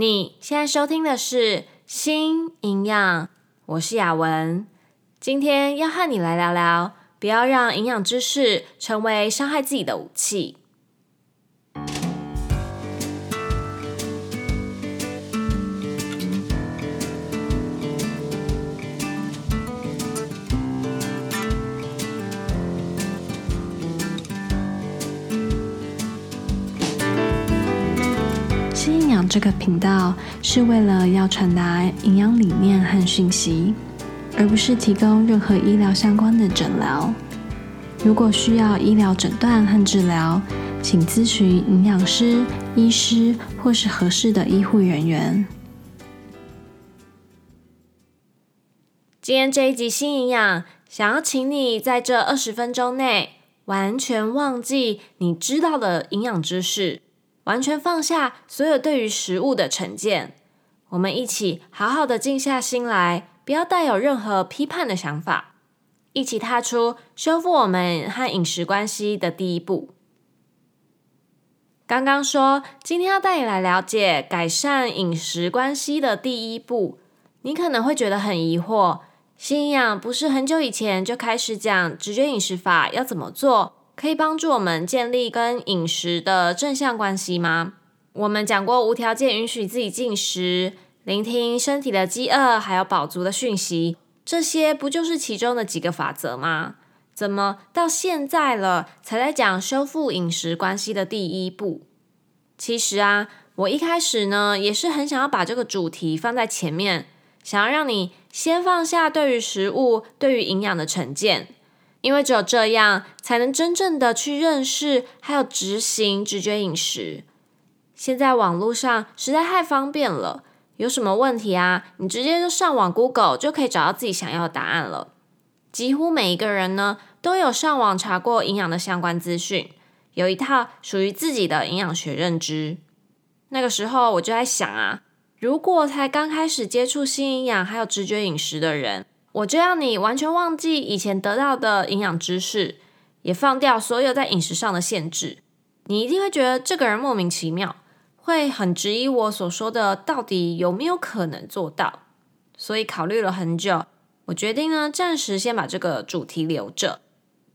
你現在收聽的是《新營養》，我是雅雯，今天要和你來聊聊，不要讓營養知識成為傷害自己的武器。這個頻道是為了要傳達營養理念和訊息，而不是提供任何醫療相關的診療。如果需要醫療診斷和治療，請諮詢營養師、醫師或是合適的醫護人員。今天這一集新營養，想要請你在這二十分鐘內完全忘記你知道的營養知識。完全放下所有對於食物的成見，我們一起好好的靜下心來，不要帶有任何批判的想法，一起踏出修復我們和飲食關係的第一步。剛剛說今天要帶你來了解改善飲食關係的第一步，你可能會覺得很疑惑，信仰不是很久以前就開始講直覺飲食法要怎麼做？可以幫助我們建立跟飲食的正向關係嗎？我們講過無條件允許自己進食，聆聽身體的飢餓還有飽足的訊息，這些不就是其中的幾個法則嗎？怎麼到現在了才在講修復飲食關係的第一步？其實啊，我一開始呢也是很想要把這個主題放在前面，想要讓你先放下對於食物、對於營養的成見。因為只有這樣，才能真正的去認識還有執行直覺飲食。現在網絡上實在太方便了，有什麼問題啊，你直接就上網 Google 就可以找到自己想要的答案了。幾乎每一個人呢，都有上網查過營養的相關資訊，有一套屬於自己的營養學認知。那個時候我就在想啊，如果才剛開始接觸新營養還有直覺飲食的人，我就要你完全忘記以前得到的營養知識，也放掉所有在飲食上的限制，你一定會覺得這個人莫名其妙，會很質疑我所說的到底有沒有可能做到。所以考慮了很久，我決定呢，暫時先把這個主題留着。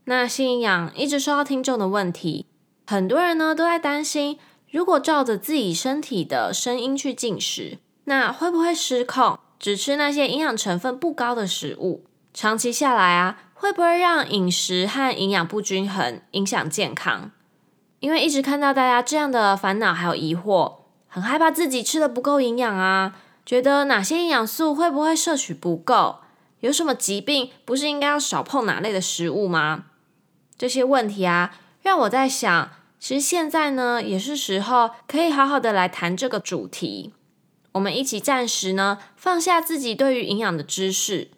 那新營養一直收到聽眾的問題，很多人呢都在擔心，如果照着自己身體的聲音去進食，那會不會失控？只吃那些營養成分不高的食物，長期下來啊，會不會讓飲食和營養不均衡，影響健康？因為一直看到大家這樣的煩惱還有疑惑，很害怕自己吃得不夠營養啊，覺得哪些營養素會不會攝取不夠，有什麼疾病不是應該要少碰哪類的食物嗎？這些問題啊，讓我在想，其實現在呢，也是時候可以好好的來談這個主題。我們一起暫時呢，放下自己對於營養的知識。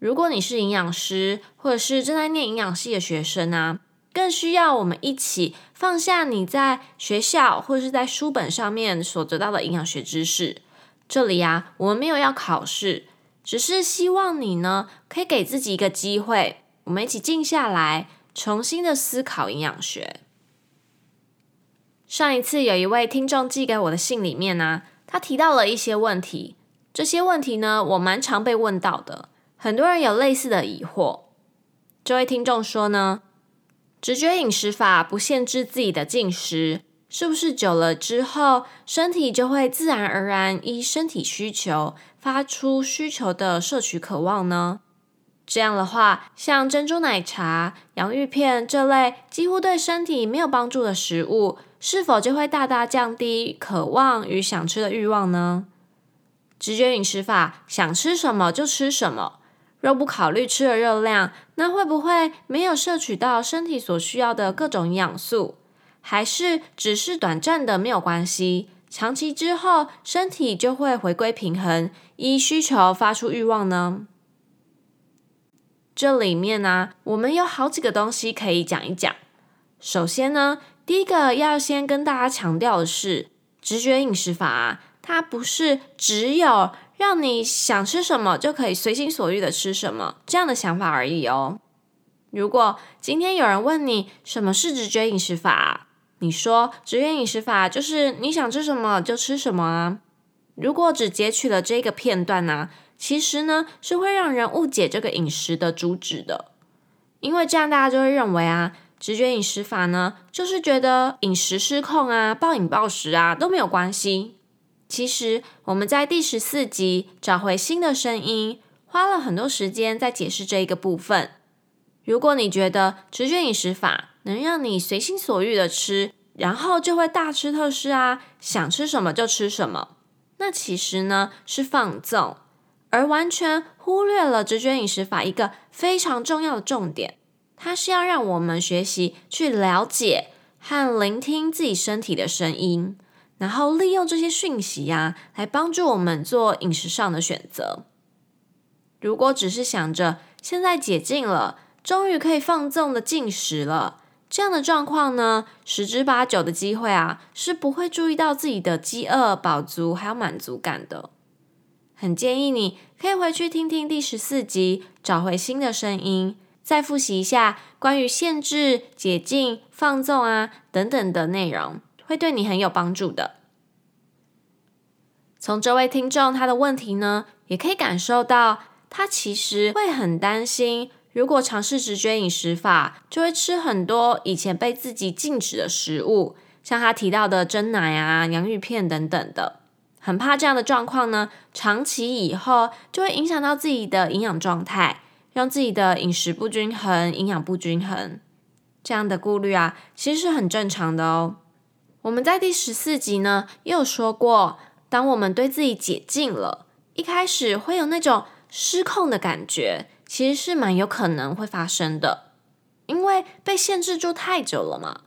如果你是營養師，或者是正在念營養系的學生呢，更需要我們一起放下你在學校或者是在書本上面所得到的營養學知識。這裡啊，我們沒有要考試，只是希望你呢，可以給自己一個機會，我們一起靜下來，重新的思考營養學。上一次有一位聽眾寄給我的信裡面呢，他提到了一些問題，這些問題呢，我蠻常被問到的，很多人有類似的疑惑。這位聽眾說呢，直覺飲食法不限制自己的進食，是不是久了之後，身體就會自然而然依身體需求發出需求的攝取渴望呢？這樣的話，像珍珠奶茶、洋芋片這類幾乎對身體沒有幫助的食物。是否就會大大降低渴望與想吃的慾望呢？直覺飲食法，想吃什麼就吃什麼，若不考慮吃的熱量，那會不會沒有攝取到身體所需要的各種營養素？還是只是短暫的沒有關係？長期之後，身體就會回歸平衡，依需求發出慾望呢？這裡面呢、啊，我們有好幾個東西可以講一講。首先呢，第一個要先跟大家強調的是，直覺飲食法啊，它不是只有讓你想吃什麼就可以隨心所欲的吃什麼這樣的想法而已哦。如果今天有人問你什麼是直覺飲食法啊，你說直覺飲食法就是你想吃什麼就吃什麼啊。如果只截取了這個片段呢啊，其實呢是會讓人誤解這個飲食的主旨的，因為這樣大家就會認為啊。直覺飲食法呢，就是覺得飲食失控啊、暴飲暴食啊都沒有關係。其實我們在第十四集找回心的聲音，花了很多時間在解釋這一個部分。如果你覺得直覺飲食法能讓你隨心所欲的吃，然後就會大吃特吃啊，想吃什麼就吃什麼，那其實呢是放縱，而完全忽略了直覺飲食法一個非常重要的重點。它是要讓我們學習去了解和聆聽自己身體的聲音，然後利用這些訊息呀，來幫助我們做飲食上的選擇。如果只是想着現在解禁了，終於可以放縱的進食了，這樣的狀況呢，十之八九的機會啊，是不會注意到自己的飢餓、飽足還有滿足感的。很建議你可以回去聽聽第十四集，找回心的聲音。再復習一下關於限制、解禁、放縱啊等等的內容，會對你很有幫助的。從這位聽眾他的問題呢，也可以感受到他其實會很擔心，如果嘗試直覺飲食法，就會吃很多以前被自己禁止的食物，像他提到的珍奶啊、洋芋片等等的，很怕這樣的狀況呢，長期以後就會影響到自己的營養狀態。讓自己的飲食不均衡、營養不均衡這樣的顧慮啊，其實是很正常的哦。我們在第十四集呢也有說過，當我們對自己解禁了，一開始會有那種失控的感覺，其實是蠻有可能會發生的，因為被限制住太久了嘛。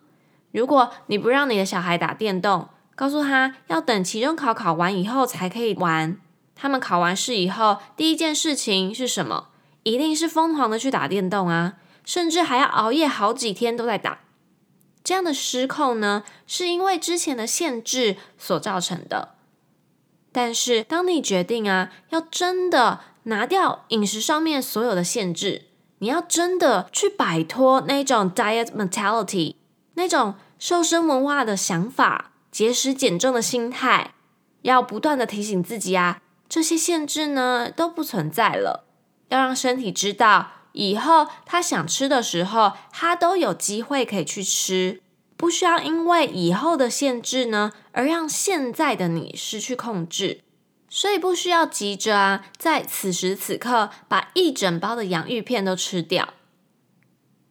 如果你不讓你的小孩打電動，告訴他要等期中考考完以後才可以玩，他們考完試以後第一件事情是什麼？一定是瘋狂的去打電動啊，甚至還要熬夜好幾天都在打。這樣的失控呢，是因為之前的限制所造成的。但是，當你決定啊，要真的拿掉飲食上面所有的限制，你要真的去擺脫那種 diet mentality，那種瘦身文化的想法、節食減重的心態，要不斷的提醒自己啊，這些限制呢都不存在了。要讓身體知道，以後他想吃的時候，他都有機會可以去吃，不需要因為以後的限制呢，而讓現在的你失去控制。所以不需要急着啊，在此時此刻把一整包的洋芋片都吃掉。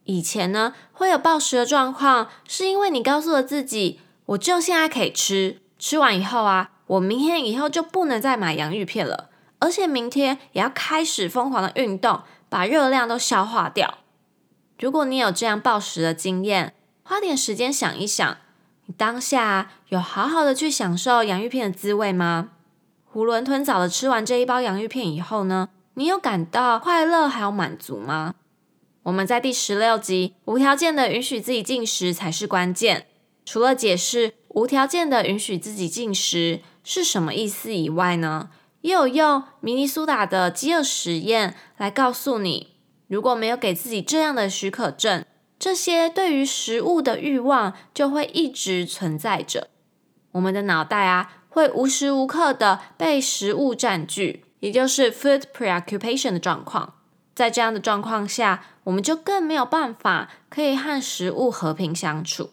以前呢，會有暴食的狀況，是因為你告訴了自己，我就現在可以吃，吃完以後啊，我明天以後就不能再買洋芋片了。而且明天也要開始瘋狂的運動，把熱量都消化掉。如果你有這樣暴食的經驗，花點時間想一想，你當下有好好的去享受洋芋片的滋味嗎？囫圇吞棗的吃完這一包洋芋片以後呢，你有感到快樂還有滿足嗎？我們在第十六集，無條件的允許自己進食才是關鍵。除了解釋，無條件的允許自己進食是什麼意思以外呢，也有用明尼蘇達的飢餓實驗來告訴你，如果沒有給自己這樣的許可證，這些對於食物的慾望就會一直存在着。我們的腦袋啊，會無時無刻的被食物佔據，也就是 food preoccupation 的狀況。在這樣的狀況下，我們就更沒有辦法可以和食物和平相處。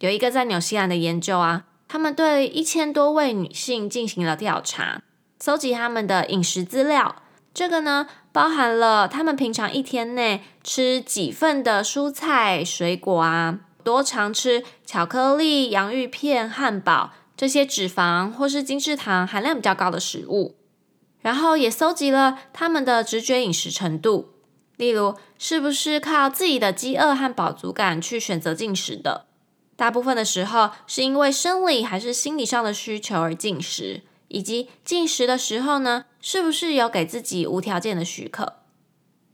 有一個在紐西蘭的研究啊。他們對一千多位女性進行了調查，搜集他們的飲食資料。這個呢，包含了他們平常一天內吃幾份的蔬菜、水果啊，多常吃巧克力、洋芋片、漢堡，這些脂肪或是精製糖含量比較高的食物。然後也搜集了他們的直覺飲食程度，例如是不是靠自己的飢餓和飽足感去選擇進食的。大部分的時候，是因為生理還是心理上的需求而進食，以及進食的時候呢，是不是有給自己無條件的許可？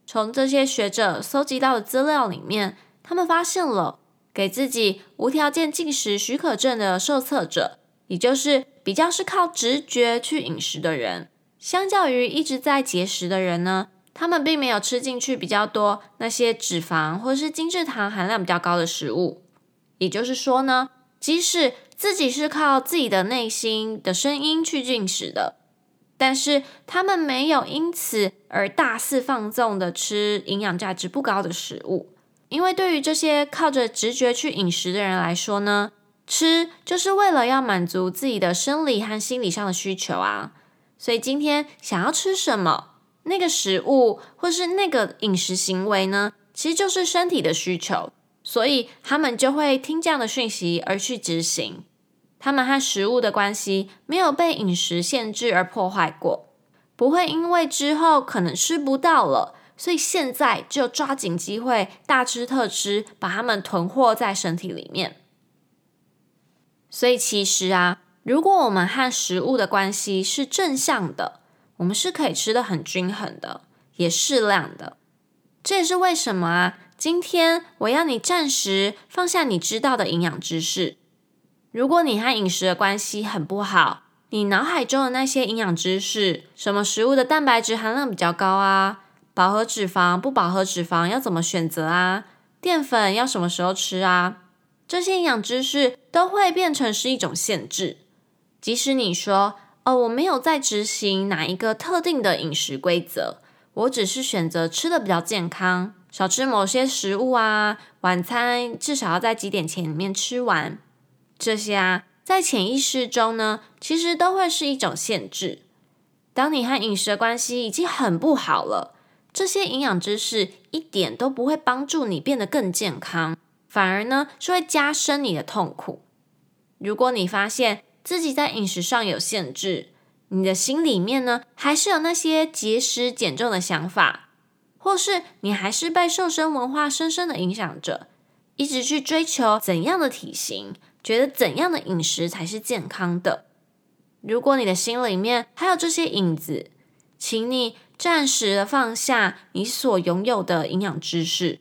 從這些學者蒐集到的資料裡面，他們發現了給自己無條件進食許可證的受測者，也就是比較是靠直覺去飲食的人，相較於一直在節食的人呢，他們並沒有吃進去比較多那些脂肪或是精制糖含量比較高的食物。也就是說呢，即使自己是靠自己的內心的聲音去進食的，但是他們沒有因此而大肆放縱的吃營養價值不高的食物。因為對於這些靠着直覺去飲食的人來說呢，吃就是為了要滿足自己的生理和心理上的需求啊。所以今天想要吃什麼？那個食物，或是那個飲食行為呢，其實就是身體的需求。所以他們就會聽這樣的訊息而去執行，他們和食物的關係沒有被飲食限制而破壞過，不會因為之後可能吃不到了，所以現在就抓緊機會大吃特吃，把他們囤貨在身體裡面。所以其實啊，如果我們和食物的關係是正向的，我們是可以吃得很均衡的，也適量的。這也是為什麼啊。今天我要你暫時放下你知道的營養知識。如果你和飲食的關係很不好，你腦海中的那些營養知識，什麼食物的蛋白質含量比較高啊？飽和脂肪、不飽和脂肪要怎麼選擇啊？澱粉要什麼時候吃啊？這些營養知識都會變成是一種限制。即使你說，哦，我沒有在執行哪一個特定的飲食規則，我只是選擇吃得比較健康。少吃某些食物啊，晚餐至少要在幾點前裡面吃完，這些啊，在潛意識中呢，其實都會是一種限制。當你和飲食的關係已經很不好了，這些營養知識一點都不會幫助你變得更健康，反而呢是會加深你的痛苦。如果你發現自己在飲食上有限制，你的心裡面呢還是有那些節食減重的想法。或是你還是被瘦身文化深深的影響着，一直去追求怎樣的體型，覺得怎樣的飲食才是健康的。如果你的心裡面還有這些影子，請你暫時的放下你所擁有的營養知識。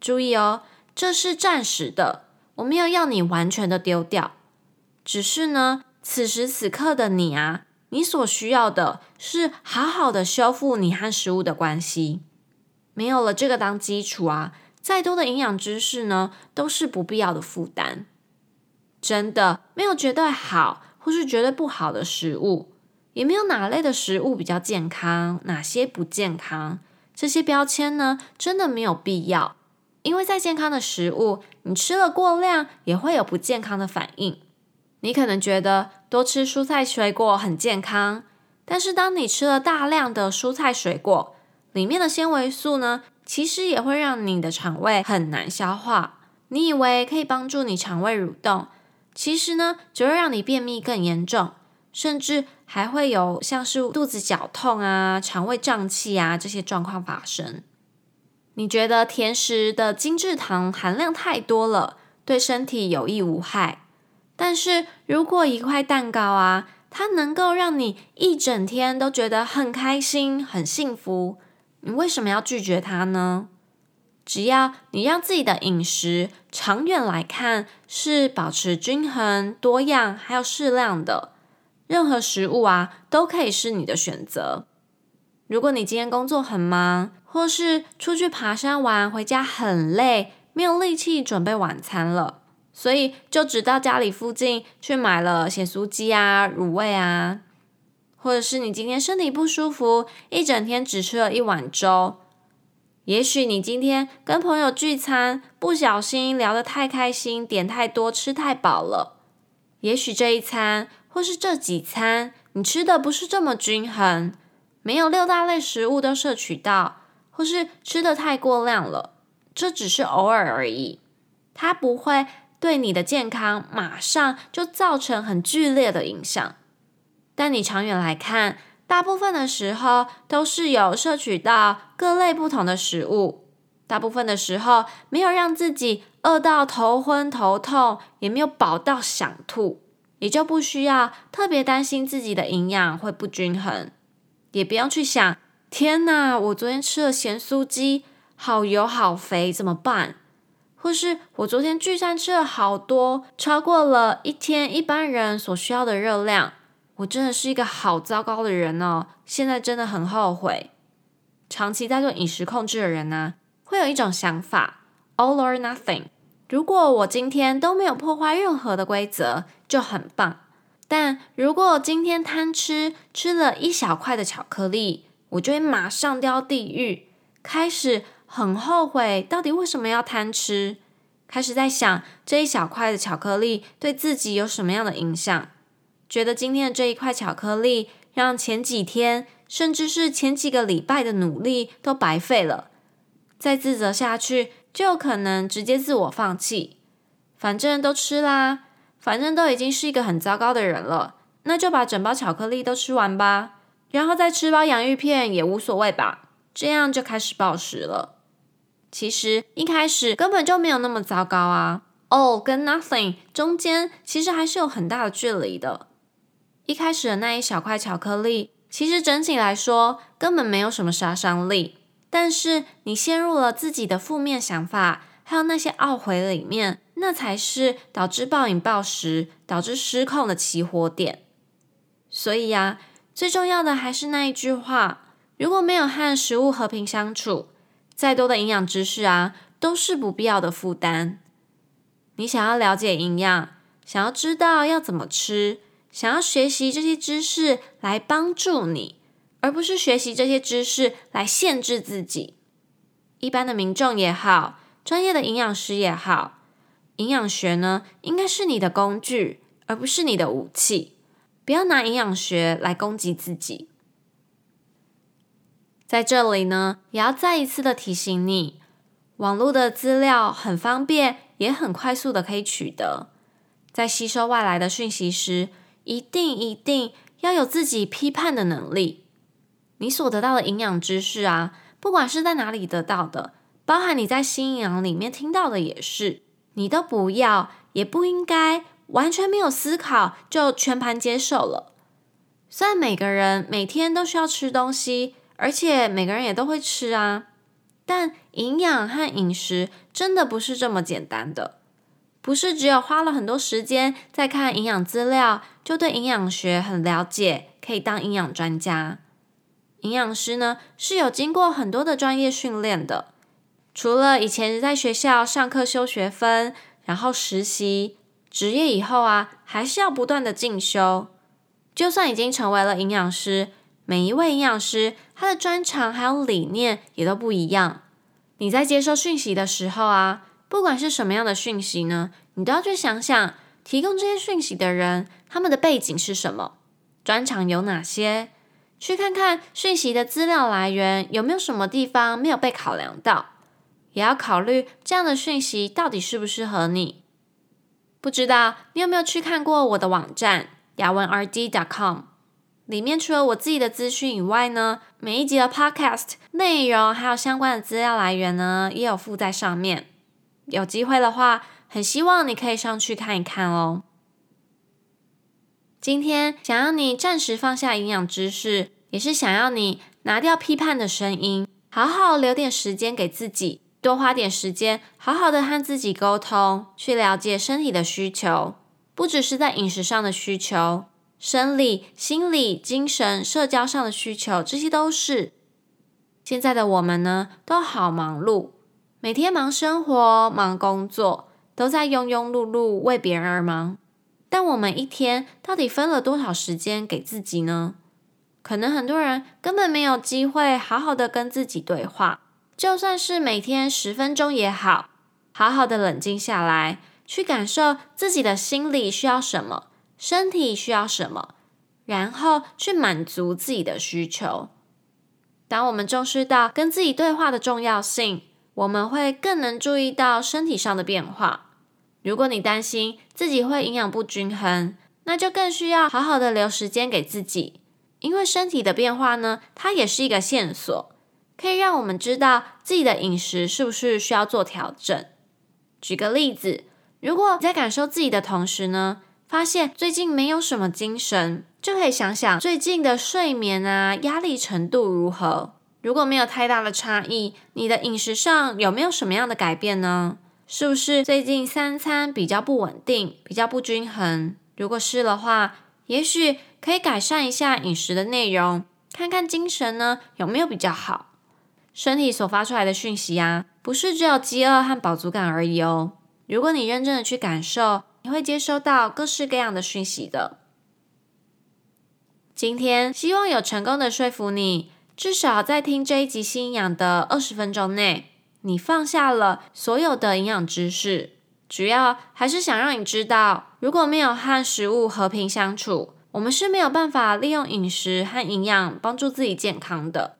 注意哦，這是暫時的，我沒有要你完全的丟掉。只是呢，此時此刻的你啊，你所需要的是好好的修復你和食物的關係。沒有了這個當基礎啊，再多的營養知識呢，都是不必要的負擔。真的沒有絕對好，或是絕對不好的食物，也沒有哪類的食物比較健康，哪些不健康，這些標籤呢，真的沒有必要。因為再健康的食物，你吃了過量也會有不健康的反應。你可能覺得多吃蔬菜水果很健康，但是當你吃了大量的蔬菜水果，裡面的纖維素呢，其實也會讓你的腸胃很難消化。你以為可以幫助你腸胃蠕動，其實呢，只會讓你便秘更嚴重，甚至還會有像是肚子絞痛啊、腸胃脹氣啊這些狀況發生。你覺得甜食的精制糖含量太多了，對身體有益無害。但是如果一塊蛋糕啊，它能夠讓你一整天都覺得很開心、很幸福。你為什麼要拒絕它呢？只要你讓自己的飲食長遠來看是保持均衡、多樣，還有適量的，任何食物啊都可以是你的選擇。如果你今天工作很忙，或是出去爬山玩，回家很累，沒有力氣準備晚餐了，所以就只到家裡附近去買了鹹酥雞啊、滷味啊。或者是你今天身體不舒服，一整天只吃了一碗粥。也許你今天跟朋友聚餐，不小心聊得太開心，點太多，吃太飽了。也許這一餐或是這幾餐，你吃的不是這麼均衡，沒有六大類食物都攝取到，或是吃得太過量了。這只是偶爾而已，它不會對你的健康馬上就造成很劇烈的影響。但你長遠來看，大部分的時候都是有攝取到各類不同的食物，大部分的時候沒有讓自己餓到頭昏頭痛，也沒有飽到想吐，也就不需要特別擔心自己的營養會不均衡，也不要去想天哪，我昨天吃了鹹酥雞，好油好肥怎麼辦？或是我昨天聚餐吃了好多，超過了一天一般人所需要的熱量。我真的是一個好糟糕的人哦！現在真的很後悔。長期在做飲食控制的人呢、啊，會有一種想法：all or nothing。如果我今天都沒有破壞任何的規則，就很棒。但如果我今天貪吃，吃了一小塊的巧克力，我就會馬上掉地獄，開始很後悔到底為什麼要貪吃，開始在想，這一小塊的巧克力對自己有什麼樣的影響。覺得今天的這一塊巧克力，讓前幾天甚至是前幾個禮拜的努力都白費了。再自責下去，就有可能直接自我放棄。反正都吃啦，反正都已經是一個很糟糕的人了，那就把整包巧克力都吃完吧，然後再吃包洋芋片也無所謂吧。這樣就開始暴食了。其實一開始根本就沒有那麼糟糕啊。Oh，跟 Nothing 中間其實還是有很大的距離的。一開始的那一小塊巧克力，其實整體來說根本沒有什麼殺傷力。但是你陷入了自己的負面想法，還有那些懊悔裡面，那才是導致暴飲暴食、導致失控的起火點。所以啊，最重要的還是那一句話：如果沒有和食物和平相處，再多的營養知識啊，都是不必要的負擔。你想要了解營養，想要知道要怎麼吃，想要學習這些知識來幫助你，而不是學習這些知識來限制自己。一般的民眾也好，專業的營養師也好，營養學呢，應該是你的工具，而不是你的武器。不要拿營養學來攻擊自己。在這裡呢，也要再一次的提醒你，網絡的資料很方便，也很快速的可以取得。在吸收外來的訊息時，一定一定要有自己批判的能力。你所得到的營養知識啊，不管是在哪裡得到的，包含你在新營養裡面聽到的，也是你都不要，也不應該完全沒有思考就全盤接受了。雖然每個人每天都需要吃東西，而且每個人也都會吃啊，但營養和飲食真的不是這麼簡單的，不是只有花了很多時間在看營養資料。就對營養學很了解，可以當營養專家。營養師呢，是有經過很多的專業訓練的，除了以前在學校上課修學分，然後實習，執業以後啊，還是要不斷的進修。就算已經成為了營養師，每一位營養師他的專長還有理念也都不一樣。你在接收訊息的時候啊，不管是什麼樣的訊息呢，你都要去想想提供這些訊息的人。他們的背景是什麼？專長有哪些？去看看訊息的資料來源有沒有什麼地方沒有被考量到，也要考慮這樣的訊息到底適不適合你。不知道你有沒有去看過我的網站 yawenrd.com，裡面除了我自己的資訊以外呢，每一集的 podcast 內容還有相關的資料來源呢，也有附在上面。有機會的話，很希望你可以上去看一看哦。今天想要你暫時放下營養知識，也是想要你拿掉批判的聲音，好好留點時間給自己，多花點時間，好好的和自己溝通，去了解身體的需求，不只是在飲食上的需求，生理、心理、精神、社交上的需求，這些都是。現在的我們呢，都好忙碌，每天忙生活、忙工作，都在庸庸碌碌為別人而忙。但我們一天到底分了多少時間給自己呢？可能很多人根本沒有機會好好的跟自己對話。就算是每天十分鐘也好，好好的冷靜下來，去感受自己的心理需要什麼，身體需要什麼，然後去滿足自己的需求。當我們重視到跟自己對話的重要性，我們會更能注意到身體上的變化。如果你擔心自己會營養不均衡，那就更需要好好的留時間給自己。因為身體的變化呢，它也是一個線索，可以讓我們知道自己的飲食是不是需要做調整。舉個例子，如果你在感受自己的同時呢，發現最近沒有什麼精神，就可以想想最近的睡眠啊、壓力程度如何。如果沒有太大的差異，你的飲食上有沒有什麼樣的改變呢？是不是最近三餐比較不穩定、比較不均衡？如果是的話，也許可以改善一下飲食的內容，看看精神呢，有沒有比較好。身體所發出來的訊息啊，不是只有飢餓和飽足感而已哦。如果你認真的去感受，你會接收到各式各樣的訊息的。今天希望有成功的說服你，至少在聽這一集《新營養》的二十分鐘內。你放下了所有的營養知識，主要還是想讓你知道，如果沒有和食物和平相處，我們是沒有辦法利用飲食和營養幫助自己健康的。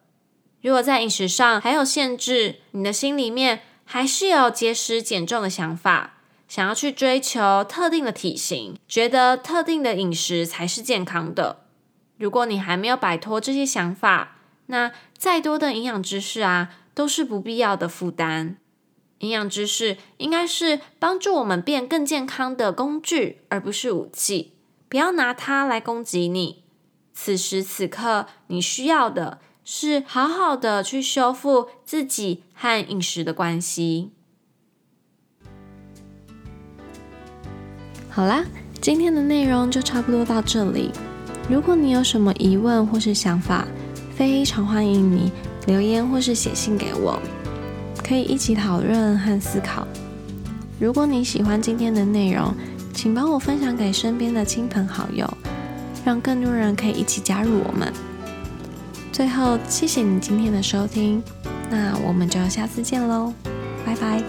如果在飲食上還有限制，你的心裡面還是有節食減重的想法，想要去追求特定的體型，覺得特定的飲食才是健康的。如果你還沒有擺脫這些想法，那再多的營養知識啊，都是不必要的負擔。營養知識應該是幫助我們變更健康的工具，而不是武器。不要拿它來攻擊你。此時此刻，你需要的是好好的去修復自己和飲食的關係。好啦，今天的內容就差不多到這裡。如果你有什麼疑問或是想法，非常歡迎你。留言或是寫信給我，可以一起討論和思考。如果你喜歡今天的內容，請幫我分享給身邊的親朋好友，讓更多人可以一起加入我們。最後，謝謝你今天的收聽，那我們就下次見嘍，拜拜。